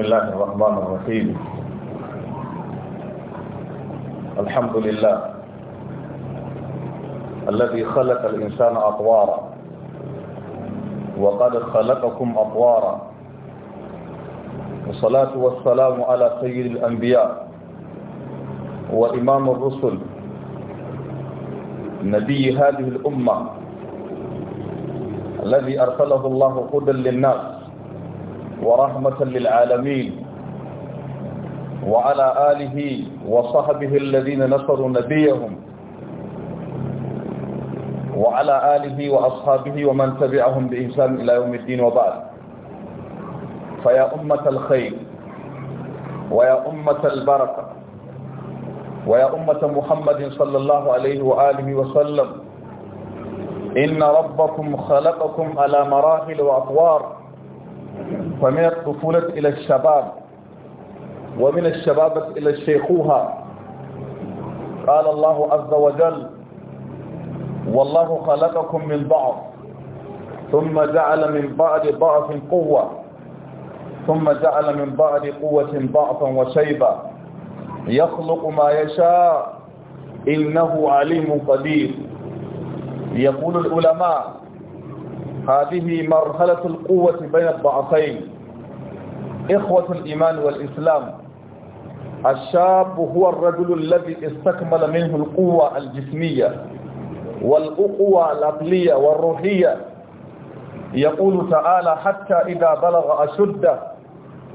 بسم الله الرحمن الرحيم الحمد لله الذي خلق الإنسان أطوارا وقد خلقكم أطوارا والصلاة والسلام على سيد الأنبياء وإمام الرسل نبي هذه الأمة الذي أرسله الله هدى للناس ورحمة للعالمين وعلى آله وصحبه الذين نصروا نبيهم وعلى آله وأصحابه ومن تبعهم بإنسان إلى يوم الدين وبعد فيا أمة الخير ويا أمة البركة ويا أمة محمد صلى الله عليه وآله وسلم إن ربكم خلقكم على مراحل وأطوار فمن الطفولة إلى الشباب ومن الشبابة إلى الشيخوها قال الله عز وجل والله خلقكم من ضعف ثم جعل من بعد ضعف قوة ثم جعل من بعد قوة ضعفا وشيبا يخلق ما يشاء إنه عليم قدير يقول العلماء هذه مرحلة القوة بين الضعفين إخوة الإيمان والإسلام الشاب هو الرجل الذي استكمل منه القوة الجسمية والقوة العقلية والروحية يقول تعالى حتى إذا بلغ أشده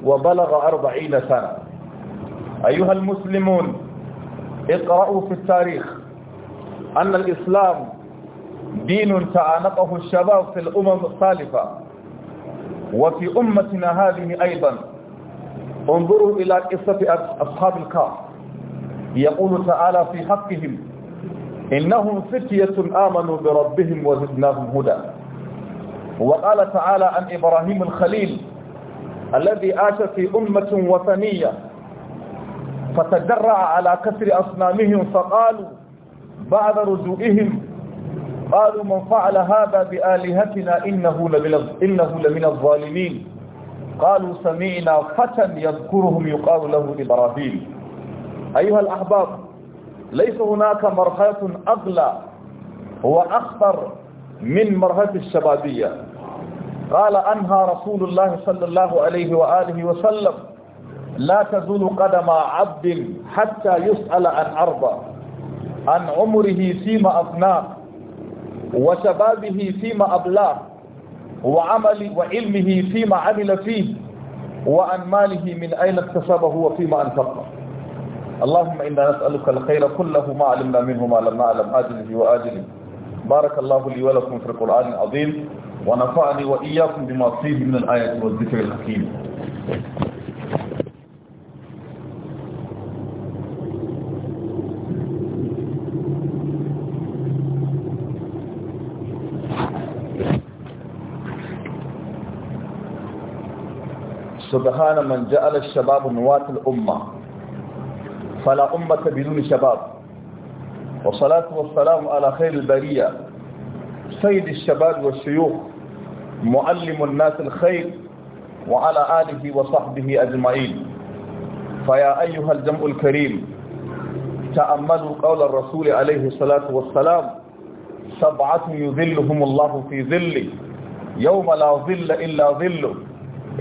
وبلغ أربعين سنة أيها المسلمون اقرأوا في التاريخ أن الإسلام دين تعانقه الشباب في الأمم الخالفة وفي أمتنا هذه أيضا انظروا إلى قصة أصحاب الكهف يقول تعالى في حقهم إنهم فتية آمنوا بربهم وزدناهم هدى وقال تعالى عن إبراهيم الخليل الذي عاش في أمة وثنية فتجرع على كسر أصنامهم فقالوا بعد رجوئهم قالوا من فعل هذا بآلهتنا إنه لمن, إنه لمن الظالمين قالوا سمعنا فتى يذكرهم يقال له إبراهيم أيها الأحباب ليس هناك مرحلة أغلى وأخطر من مرحلة الشبابية قال أنهى رسول الله صلى الله عليه وآله وسلم لا تزول قدم عبد حتى يسأل عن أرض عن عمره فيما أفناه وشبابه فيما أبلاه وعمل وعلمه فيما عمل فيه وعن ماله من أين اكتسبه وفيما أنفقه اللهم إنا نسألك الخير كله ما علمنا منه ما لم نعلم آجله وآجله بارك الله لي ولكم في القرآن العظيم ونفعني وإياكم بما فيه من الآية والذكر الحكيم سبحان من جعل الشباب نواة الأمة فلا أمة بدون شباب والصلاة والسلام على خير البرية سيد الشباب والشيوخ معلم الناس الخير وعلى آله وصحبه أجمعين فيا أيها الجمع الكريم تأملوا قول الرسول عليه الصلاة والسلام سبعة يذلهم الله في ظل يوم لا ظل إلا ظله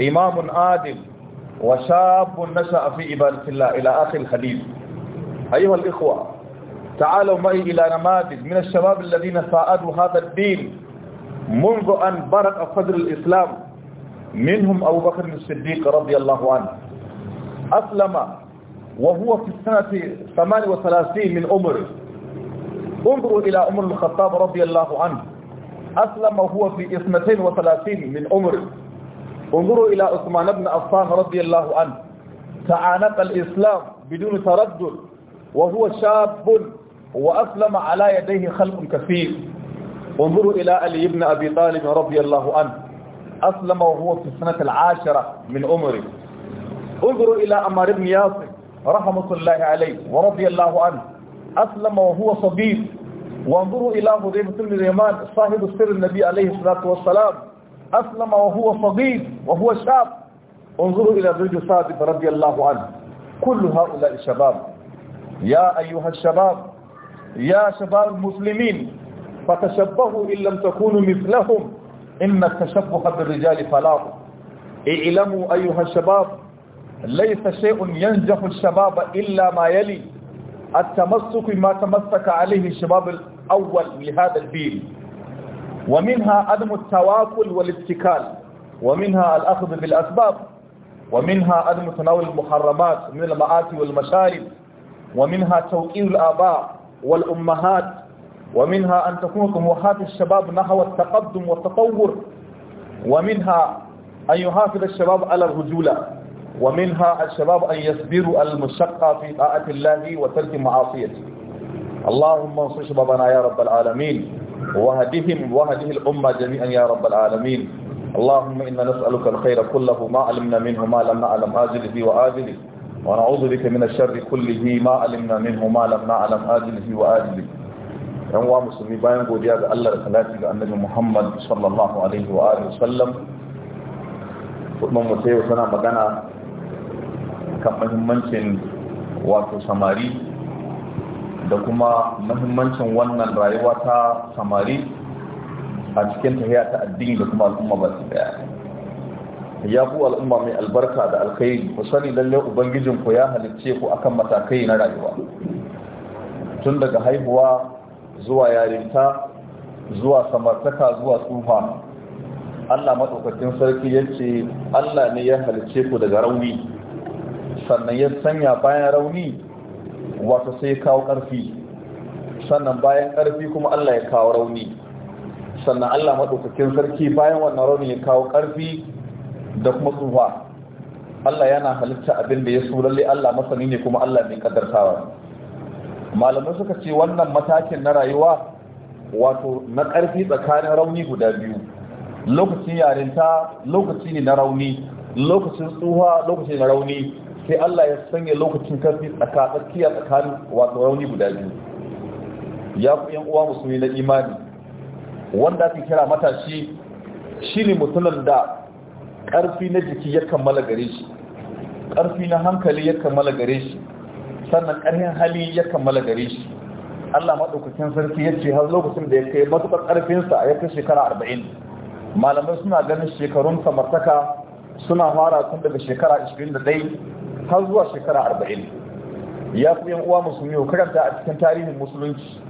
إمام عادل وشاب نشأ في عبادة الله إلى آخر الحديث أيها الإخوة تعالوا معي إلى نماذج من الشباب الذين ساعدوا هذا الدين منذ أن برق فجر الإسلام منهم أبو بكر الصديق رضي الله عنه أسلم وهو في السنة 38 من عمره انظروا إلى عمر الخطاب رضي الله عنه أسلم وهو في 32 من عمره انظروا إلى عثمان بن عفان رضي الله عنه تعانق الإسلام بدون تردد وهو شاب وأسلم على يديه خلق كثير انظروا إلى علي بن أبي طالب رضي الله عنه أسلم وهو في السنة العاشرة من عمره انظروا إلى عمار بن ياسر رحمة الله عليه ورضي الله عنه أسلم وهو صبي وانظروا إلى حذيفة بن اليمان صاحب سر النبي عليه الصلاة والسلام أسلم وهو صغير وهو شاب انظروا إلى زوج صادق رضي الله عنه كل هؤلاء الشباب يا أيها الشباب يا شباب المسلمين فتشبهوا إن لم تكونوا مثلهم إن التشبه بالرجال فلاط اعلموا أيها الشباب ليس شيء ينجح الشباب إلا ما يلي التمسك ما تمسك عليه الشباب الأول لهذا الجيل ومنها عدم التواكل والاتكال ومنها الأخذ بالأسباب ومنها عدم تناول المحرمات من المآتي والمشارب ومنها توقير الآباء والأمهات ومنها أن تكون طموحات الشباب نحو التقدم والتطور ومنها أن يحافظ الشباب على الرجولة ومنها الشباب أن يصبروا المشقة في طاعة الله وترك معاصيته اللهم انصر شبابنا يا رب العالمين وهدهم وهده الأمة جميعا يا رب العالمين اللهم إنا نسألك الخير كله ما علمنا منه ما لم نعلم آجله وآجله ونعوذ بك من الشر كله ما علمنا منه ما لم نعلم آجله وآجله yan wa musulmi bayan godiya ga Allah da salati ga annabi Muhammad sallallahu alaihi wa alihi wasallam mu sai tana magana kan muhimmancin wato samari da kuma mahimmancin wannan rayuwa ta samari a cikin tafiya ta addini da kuma al'umma ba su daya ya ku al'umma mai albarka da alkhairi ku sani ubangijin ku ya halicce ku akan matakai na rayuwa tun daga haihuwa zuwa yarinta zuwa samartaka zuwa tsufa Allah maɗaukakin sarki ya ce Allah ne ya halicce ku daga rauni sannan ya sanya bayan rauni wato sai ya kawo ƙarfi sannan bayan ƙarfi kuma Allah ya kawo rauni sannan Allah maɗaukakin sarki bayan wannan rauni ya kawo ƙarfi da kuma tsufa Allah yana halitta abin da ya so lalle Allah masani ne kuma Allah mai kaddartawa malamai suka ce wannan matakin na rayuwa wato na ƙarfi tsakanin rauni guda biyu lokacin yarinta lokaci ne na rauni lokacin tsuha lokaci na rauni sai Allah ya sanya lokacin karfi tsakatsakiya tsakanin wato rauni guda biyu ya ku yan uwa musulmi na imani wanda ake kira matashi shi ne mutumin da ƙarfi na jiki ya kammala gare shi ƙarfi na hankali ya kammala gare shi sannan karfin hali ya kammala gare shi Allah maɗaukakin sarki ya ce har lokacin da ya kai matuƙar ƙarfinsa ya kai shekara arba'in malamai suna ganin shekarun samartaka suna fara tun daga shekara 21 har zuwa shekara arba'in ya fi yan uwa musulmi karanta a cikin tarihin musulunci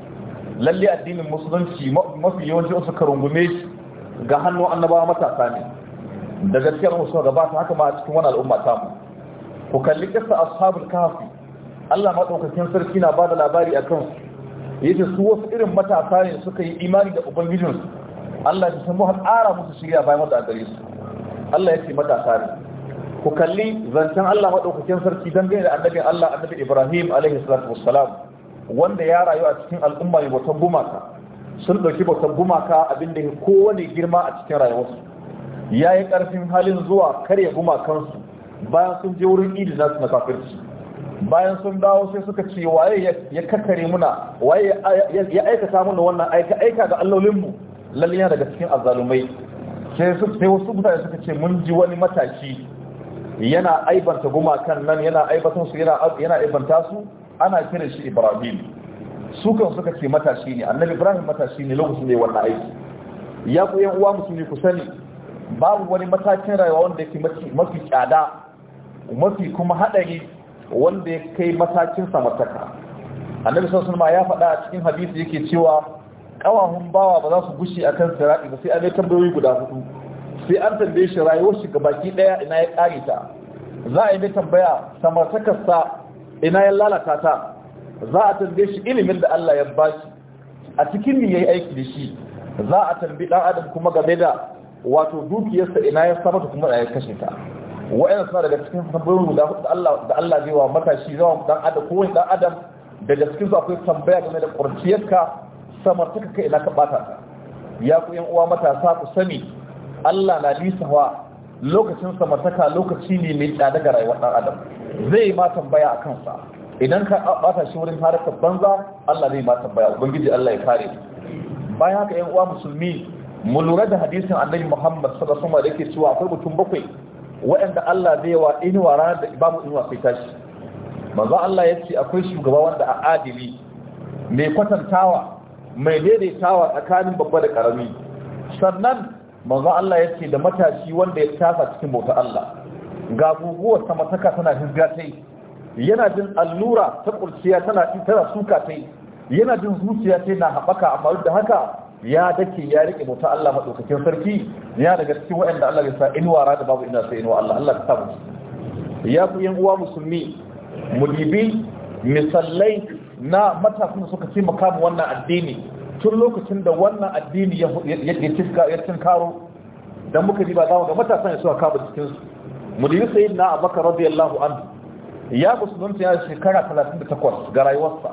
lalle addinin musulunci mafi yawanci wasu ka rungume ga hannu annabawa matasa ne da gaskiyar ba gabata haka ma a cikin wani al'umma tamu ku kalli kasa ashabul kafi Allah maɗaukakin sarki na bada labari a kansu yace su wasu irin matasa ne suka yi imani da ubangijinsu Allah ya san mu har ara musu shirya bayan wata gare su Allah ya ce matasa ne ku kalli zancen Allah maɗaukacin sarki don gani da annabin Allah annabin Ibrahim A.S. wanda ya rayu a cikin al'umma mai bautan gumaka sun ɗauki bautan gumaka abinda ya kowane girma a cikin rayuwarsu ya yi ƙarfin halin zuwa karya gumakansu bayan sun je wurin idi nasu na kafirci bayan sun dawo sai suka ce waye ya kakare muna waye ya aikata muna wannan aika aika ga allolinmu lalle daga cikin azalumai? sai wasu mutane suka ce mun ji wani matashi yana aibanta gumakan nan yana aibatan su yana aibanta su ana kiran shi ibrahim su kan suka ce matashi ne annabi ibrahim matashi ne lokacin da wannan aiki ya ku yan uwa musulmi ku sani babu wani matakin rayuwa wanda yake mafi tsada mafi kuma hadari wanda ya kai matakin samartaka annabi sallallahu alaihi ya faɗa a cikin hadisi yake cewa kawahun bawa ba za su gushi akan sirati ba sai an tambayoyi guda hudu sai an tambaye shi rayuwar shi gabaki daya ina ya kare ta za a yi mai tambaya samartakarsa ina ya lalata ta za a tambaye shi ilimin da Allah ya ba shi a cikin ne yayi aiki da shi za a tambi dan adam kuma game da wato dukiyarsa ina ya samata kuma ɗaya ya kashe ta wa'annan suna daga cikin tambayoyi da Allah da Allah zai wa matashi zama dan adam ko wani dan adam daga cikin su akwai tambaya game da kurciyarka ka ina ka bata ya ku yan uwa matasa ku sani Allah na lisawa lokacin samartaka lokaci ne mai tsada ga rayuwar ɗan adam zai ma tambaya a kansa idan ka bata shi wurin harkar banza Allah zai ma tambaya ubangiji Allah ya kare bayan haka yan uwa musulmi mu lura da hadisin annabi Muhammad sallallahu alaihi da yake cewa akwai mutum bakwai waɗanda Allah zai wa inuwa ranar da babu inuwa sai tashi manzo Allah ya ce akwai shugaba wanda a adili mai kwatantawa mai daidaitawa tsakanin babba da karami sannan manzo Allah ya ce da matashi wanda ya tasa cikin bauta Allah ga guguwar sama taka tana hizga tai yana jin allura ta kurciya tana tana suka tai yana jin zuciya tai na haɓaka amma duk da haka ya dake ya rike bauta Allah madaukakin sarki ya daga cikin waɗanda Allah ya sa inwara da babu ina sai inwa Allah Allah ta samu ya ku yan uwa musulmi mudibi misallai na matasan suka ce makamu wannan addini tun lokacin da wannan addini ya cin karo don muka riba za ga matasan ya suka kaba cikinsu mudiru sayi na abakar radiyallahu anhu ya musulunta ya shekara 38 ga rayuwarsa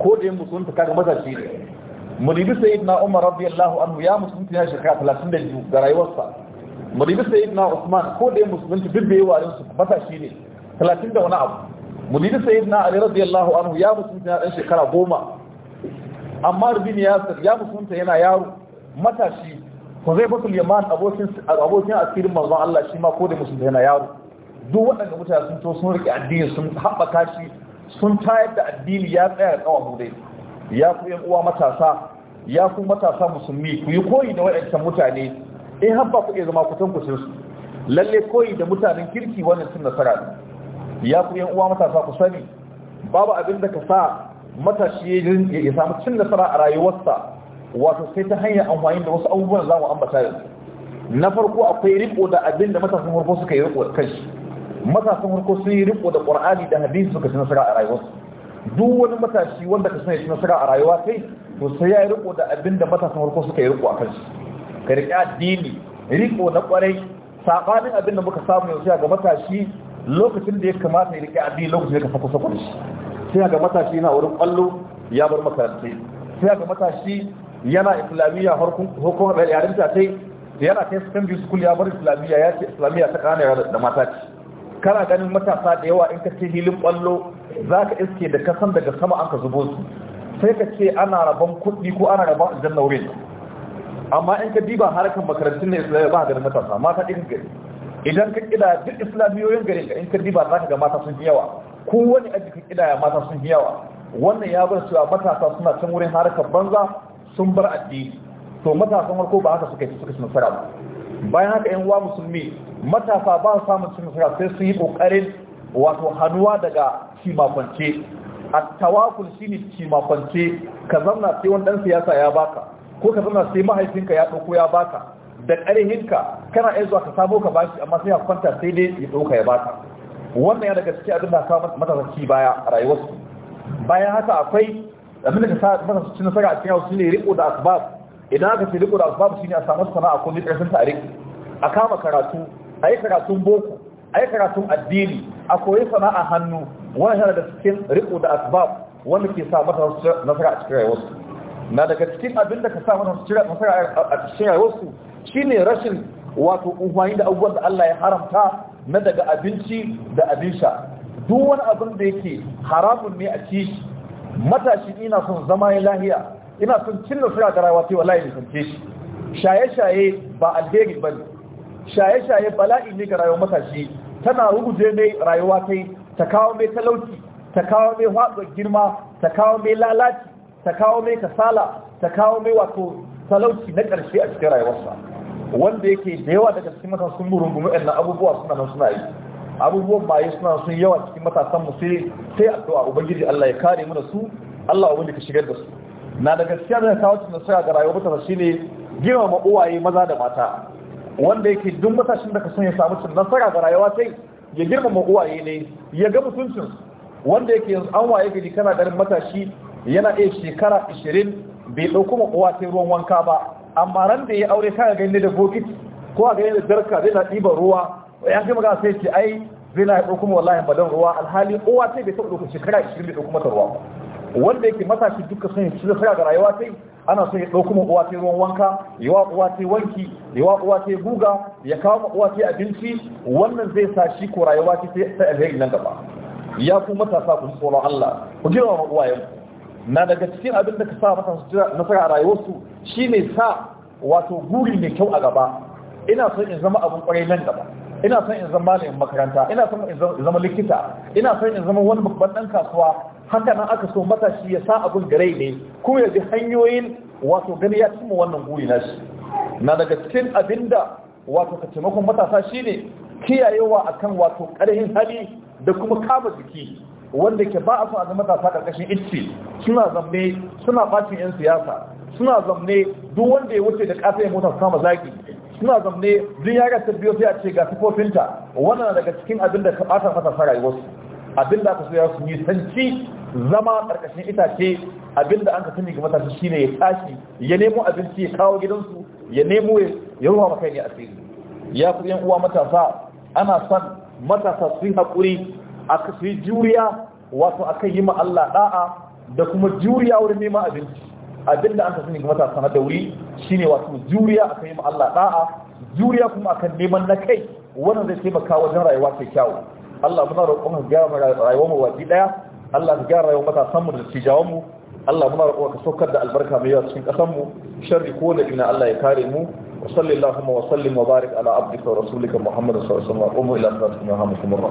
ko da musulunta kaga matashi ne sayi na umar radiyallahu anhu ya musulunta ya shekara 32 ga rayuwarsa sayi na usman ko da musulunta duk da yi warin su matashi ne 30 da wani abu sayi na ali ya musulunta ya shekara 10 ammar ya sar ya musunta yana yaro matashi zai fasul yaman abokin abokin asirin manzon Allah shi ma ko da musunta yana yaro duk waɗanda mutane sun to sun rike addini sun haɓaka shi sun tayar da addini ya tsaya da tsawon dai ya ku yan uwa matasa ya ku matasa musulmi ku yi koyi da waɗancan mutane in har ba ku iya zama kusan kusin su lalle koyi da mutanen kirki wannan sun nasara ya ku yan uwa matasa ku sani babu abin da ka sa matashi ya samu cin nasara a rayuwarsa wato sai ta hanyar amfani da wasu abubuwan za mu ambata yanzu na farko akwai riko da abin da matasan harko suka yi riko da kanshi matasan harko sun yi riko da ƙwar'ani da hadisi suka ci nasara a rayuwarsu duk wani matashi wanda ka sanya ci nasara a rayuwa sai to sai ya yi riko da abin da matasan harko suka yi riko a kanshi ka riƙe addini riko na ƙwarai saɓanin abin da muka samu yanzu ga matashi lokacin da ya kamata ya riƙe addini lokacin da ka sako sako shi sai ga matashi na wurin kwallo ya bar makarantai sai ga matashi yana islamiyya hukumar da yaren ta tai yana kai biyu school ya bar islamiyya ya ce islamiyya ta kana da mata ce kana ganin matasa da yawa in ka ce hilin kwallo za ka iske da kasan daga sama an ka zubo su sai ka ce ana rabon kuɗi ko ana rabon aljanna wurin amma in ka diba harkar makarantun na islamiyya ba ganin matasa mata ɗin gari idan ka ƙida duk islamiyoyin gari in ka diba za ka ga mata sun fi yawa kowane ajikin idaya mata sun yi yawa wannan ya bar cewa matasa suna can wurin harkar banza sun bar addini to matasan ko ba haka suka yi suka cin ba bayan haka yan uwa musulmi matasa ba su samun cin fara sai su yi kokarin wato hannuwa daga kimakwance a tawakul shine kimakwance ka zamna sai wani dan siyasa ya baka ko ka zamna sai mahaifinka ya ɗauko ya baka da ƙarihinka kana iya zuwa ka samo ka bashi amma sai ya kwanta sai dai ya ɗauka ya baka wannan ya daga cikin abin da kawo matasa baya a rayuwarsu bayan haka akwai abin da ka matasa ci nasara a cikin hausu ne riko da asbab idan aka ce riko da asbab shine a samu sana'a ko ƙarfin ta a kama karatu a yi karatun boko a yi karatun addini a koyi sana'a hannu Wannan yana daga cikin riko da asbab wanda ke sa matasa nasara a cikin rayuwarsu na daga cikin abin da ka sa matasa nasara a cikin rayuwarsu shine rashin wato umarni da abubuwan da Allah ya haramta na daga abinci da abin sha duk wani abin da yake haramun ne a ci matashi ina son zama ya lahiya ina son cin sura da rayuwa sai wallahi ne sanke shi shaye-shaye ba alheri ne. shaye-shaye bala'i ne ga rayuwar matashi tana ruguje mai rayuwa kai ta kawo mai talauci ta kawo mai haɗuwar girma ta kawo mai lalaci ta kawo mai kasala ta kawo mai wato talauci na ƙarshe a cikin rayuwarsa wanda yake da yawa daga cikin matan sun gumi ɗan abubuwa suna nan suna yi abubuwan maye suna sun yawa cikin matasan mu sai sai addu'a ubangiji Allah ya kare mu da su Allah ubangiji ka shigar da su na da gaskiya da kawo na nasara ga rayuwar mutane shine ma uwaye maza da mata wanda yake duk matashin da ka son ya samu cin nasara ga rayuwa sai ya girmama uwaye ne ya ga mutuncin wanda yake yanzu an waye gidi kana garin matashi yana iya shekara 20 bai dauko ma uwa sai ruwan wanka ba amma ran da ya aure kaga gani da bokiti ko a gani da jarka zai na ɗiba ruwa ya fi magana sai ce ai zai na haɗo kuma wallahi ba dan ruwa alhali uwa sai bai taɓa ɗaukar shekara ishirin bai ɗauko mata ruwa wanda yake matashi duka sun shi shekara ga rayuwa sai ana son ya ɗauko ma uwa sai ruwan wanka ya wa uwa sai wanki ya wa uwa sai guga ya kawo ma uwa sai abinci wannan zai sa shi ko rayuwa sai sai alheri nan gaba ya ku matasa ku tsoron Allah ku girma ma uwayenku na daga cikin abin da ka sa masa su nasara a rayuwarsu shi ne sa wato guri mai kyau a gaba ina son in zama abin kwarai nan gaba ina son in zama malamin makaranta ina son in zama likita ina son in zama wani babban dan kasuwa haka nan aka so matashi ya sa abin gare ne kuma ya bi hanyoyin wato gani ya cimma wannan guri na shi na daga cikin abinda wato ka taimakon matasa shine kiyayewa akan wato karhin hali da kuma kama jiki wanda ke ba a so a matasa ƙarƙashin itce suna zamne suna bacin 'yan siyasa suna zamne duk wanda ya wuce da ƙasa ya mota kama zaki suna zamne duk ya ga tabbiyo sai a ce ga sifofinta wannan daga cikin abin da ka ɓata matasa rayuwarsu abin da aka so ya su nisanci zama ƙarƙashin itace abin da an ka sani ga matasa shine ya tashi ya nemo abinci ya kawo gidansu ya nemo ya ruwa maka ne a asiri ya fi yan uwa matasa ana san matasa su yi haƙuri aka fi juriya wato aka yi ma Allah da'a da kuma juriya wurin nema abinci abin da an ta sani ga matasa na wuri shine wato juriya aka yi ma Allah da'a juriya kuma aka neman na kai wannan zai taimaka wajen rayuwa ke kyawu Allah muna roƙon ka gyara rayuwar mu waje daya Allah ka gyara rayuwar matasan mu da tijawan mu Allah muna roƙon ka saukar da albarka mai yawa cikin ƙasar mu sharri ko da ina Allah ya kare mu Wa اللهم وسلم وبارك على عبدك ورسولك محمد صلى الله عليه وسلم وقوموا الى صلاتكم يرحمكم الله